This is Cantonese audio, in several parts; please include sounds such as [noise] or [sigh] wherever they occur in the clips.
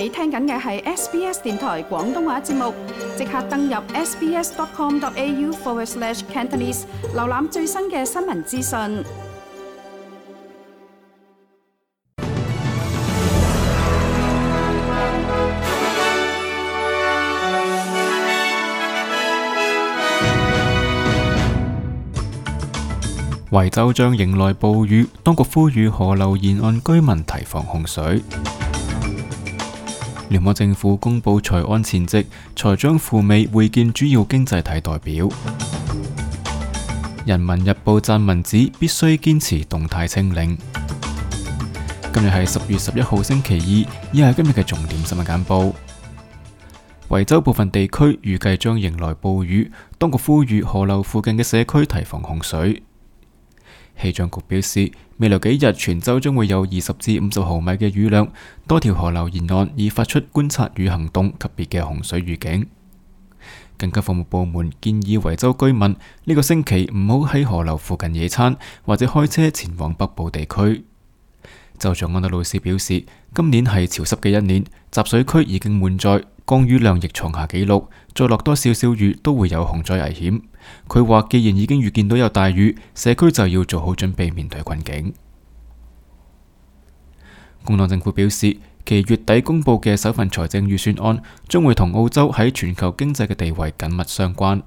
你聽緊嘅係 SBS 電台廣東話節目，即刻登入 sbs.com.au/cantonese 瀏覽最新嘅新聞資訊。維州將迎來暴雨，當局呼籲河流沿岸居民提防洪水。聯邦政府公布財安前夕，財長赴美會見主要經濟體代表。《人民日報》撰文指，必須堅持動態清零。今日係十月十一號星期二，以下係今日嘅重點新聞簡報。維州部分地區預計將迎來暴雨，當局呼籲河流附近嘅社區提防洪水。氣象局表示，未來幾日全州將會有二十至五十毫米嘅雨量，多條河流沿岸已發出觀察與行動級別嘅洪水預警。緊急服務部門建議維州居民呢、這個星期唔好喺河流附近野餐，或者開車前往北部地區。州長安德魯斯表示，今年係潮濕嘅一年，集水區已經滿載。降雨量亦創下紀錄，再落多少少雨都會有洪災危險。佢話：既然已經預見到有大雨，社區就要做好準備，面對困境。工黨政府表示，其月底公布嘅首份財政預算案，將會同澳洲喺全球經濟嘅地位緊密相關。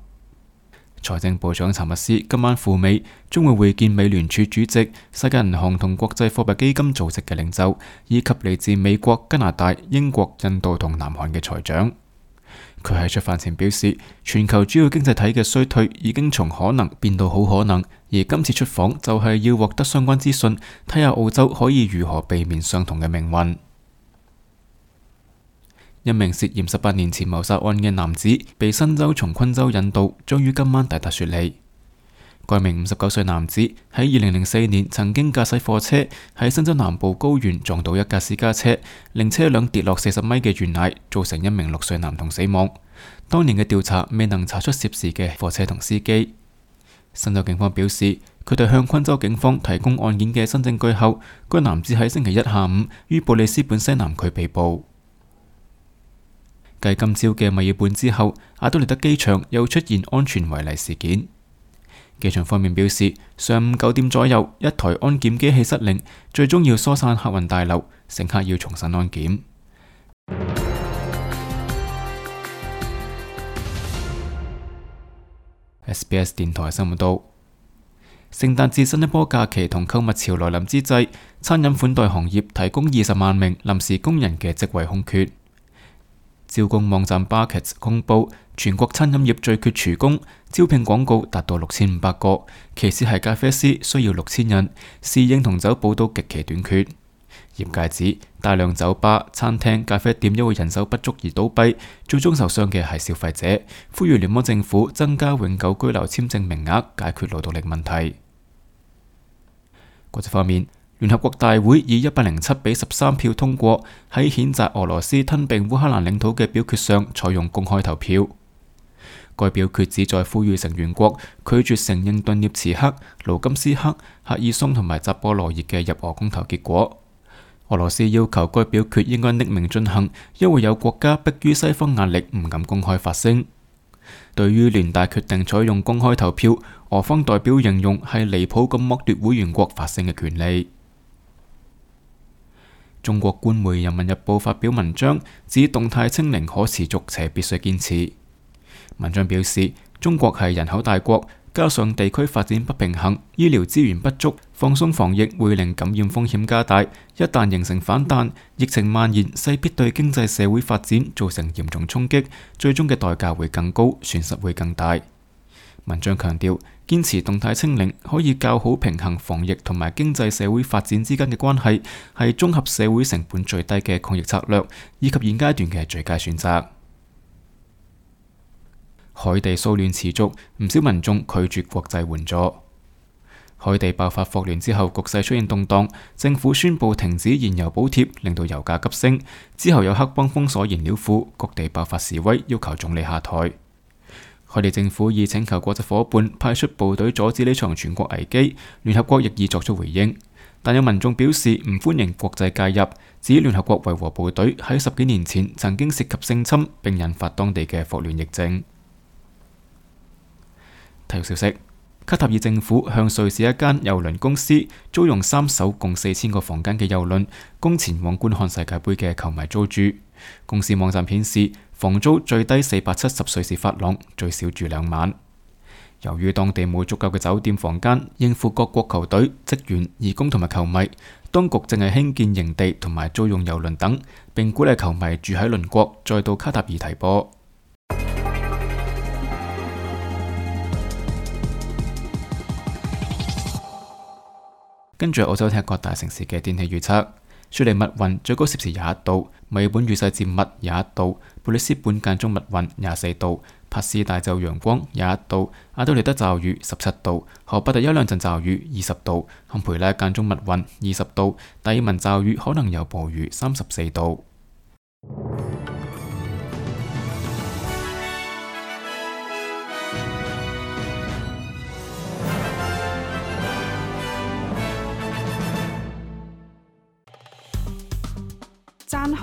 財政部長查默斯今晚赴美，將會會見美聯儲主席、世界銀行同國際貨幣基金組織嘅領袖，以及嚟自美國、加拿大、英國、印度同南韓嘅財長。佢喺出發前表示，全球主要經濟體嘅衰退已經從可能變到好可能，而今次出訪就係要獲得相關資訊，睇下澳洲可以如何避免相同嘅命運。一名涉嫌十八年前謀殺案嘅男子，被新州從昆州引渡，將於今晚抵達雪梨。該名五十九歲男子喺二零零四年曾經駕駛貨車喺新州南部高原撞到一架私家車，令車輛跌落四十米嘅懸崖，造成一名六歲男童死亡。當年嘅調查未能查出涉事嘅貨車同司機。新州警方表示，佢哋向昆州警方提供案件嘅新證據後，該男子喺星期一下午於布里斯本西南區被捕。繼今朝嘅墨爾本之後，阿道利德機場又出現安全違例事件。機場方面表示，上午九點左右，一台安檢機器失靈，最終要疏散客運大樓，乘客要重新安檢。SBS [music] 電台新聞道：聖誕至新一波假期同購物潮來臨之際，餐飲款待行業提供二十萬名臨時工人嘅職位空缺。招工網站 Barcats 公佈，全國餐飲業最缺廚工，招聘廣告達到六千五百個，其次係咖啡師需要六千人，侍應同酒保都極其短缺。業界指大量酒吧、餐廳、咖啡店因為人手不足而倒閉，最終受傷嘅係消費者，呼籲聯邦政府增加永久居留簽證名額，解決勞動力問題。國際方面。聯合國大會以一百零七比十三票通過喺譴責俄羅斯吞並烏克蘭領土嘅表決上採用公開投票。該表決旨在呼籲成員國拒絕承認頓涅茨克、盧甘斯克、赫爾松同埋扎波羅熱嘅入俄公投結果。俄羅斯要求該表決應該匿名進行，因為有國家迫於西方壓力唔敢公開發聲。對於聯大決定採用公開投票，俄方代表形容係離譜咁剝奪會員國發聲嘅權利。中國官媒《人民日報》發表文章，指動態清零可持續，且必須堅持。文章表示，中國係人口大國，加上地區發展不平衡、醫療資源不足，放鬆防疫會令感染風險加大。一旦形成反彈，疫情蔓延，勢必對經濟社會發展造成嚴重衝擊，最終嘅代價會更高，損失會更大。文章強調，堅持動態清零可以較好平衡防疫同埋經濟社會發展之間嘅關係，係綜合社會成本最低嘅抗疫策略，以及現階段嘅最佳選擇。海地騷亂持續，唔少民眾拒絕國際援助。海地爆發霍亂之後，局勢出現動盪，政府宣布停止燃油補貼，令到油價急升。之後有黑幫封鎖燃料庫，各地爆發示威，要求總理下台。佢哋政府已請求國際伙伴派出部隊阻止呢場全國危機，聯合國亦已作出回應，但有民眾表示唔歡迎國際介入，指聯合國維和部隊喺十幾年前曾經涉及性侵並引發當地嘅霍亂疫症。體育消息。卡塔爾政府向瑞士一間郵輪公司租用三艘共四千個房間嘅郵輪，供前往觀看世界杯嘅球迷租住。公司網站顯示，房租最低四百七十瑞士法郎，最少住兩晚。由於當地冇足夠嘅酒店房間應付各國球隊、職員、義工同埋球迷，當局淨係興建營地同埋租用郵輪等，並鼓勵球迷住喺鄰國，再到卡塔爾睇波。跟住澳洲聽各大城市嘅天氣預測，雪梨密雲，最高攝氏廿一度，墨爾本雨勢漸密廿一度，布里斯本間中密雲廿四度，帕斯大晝陽光廿一度，阿德利德驟雨十七度，荷伯特一兩陣驟雨二十度，堪培拉間中密雲二十度，達爾文驟雨，文雨可能有暴雨三十四度。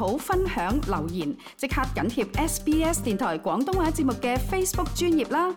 好分享留言，即刻緊貼 SBS 電台廣東話節目嘅 Facebook 專頁啦！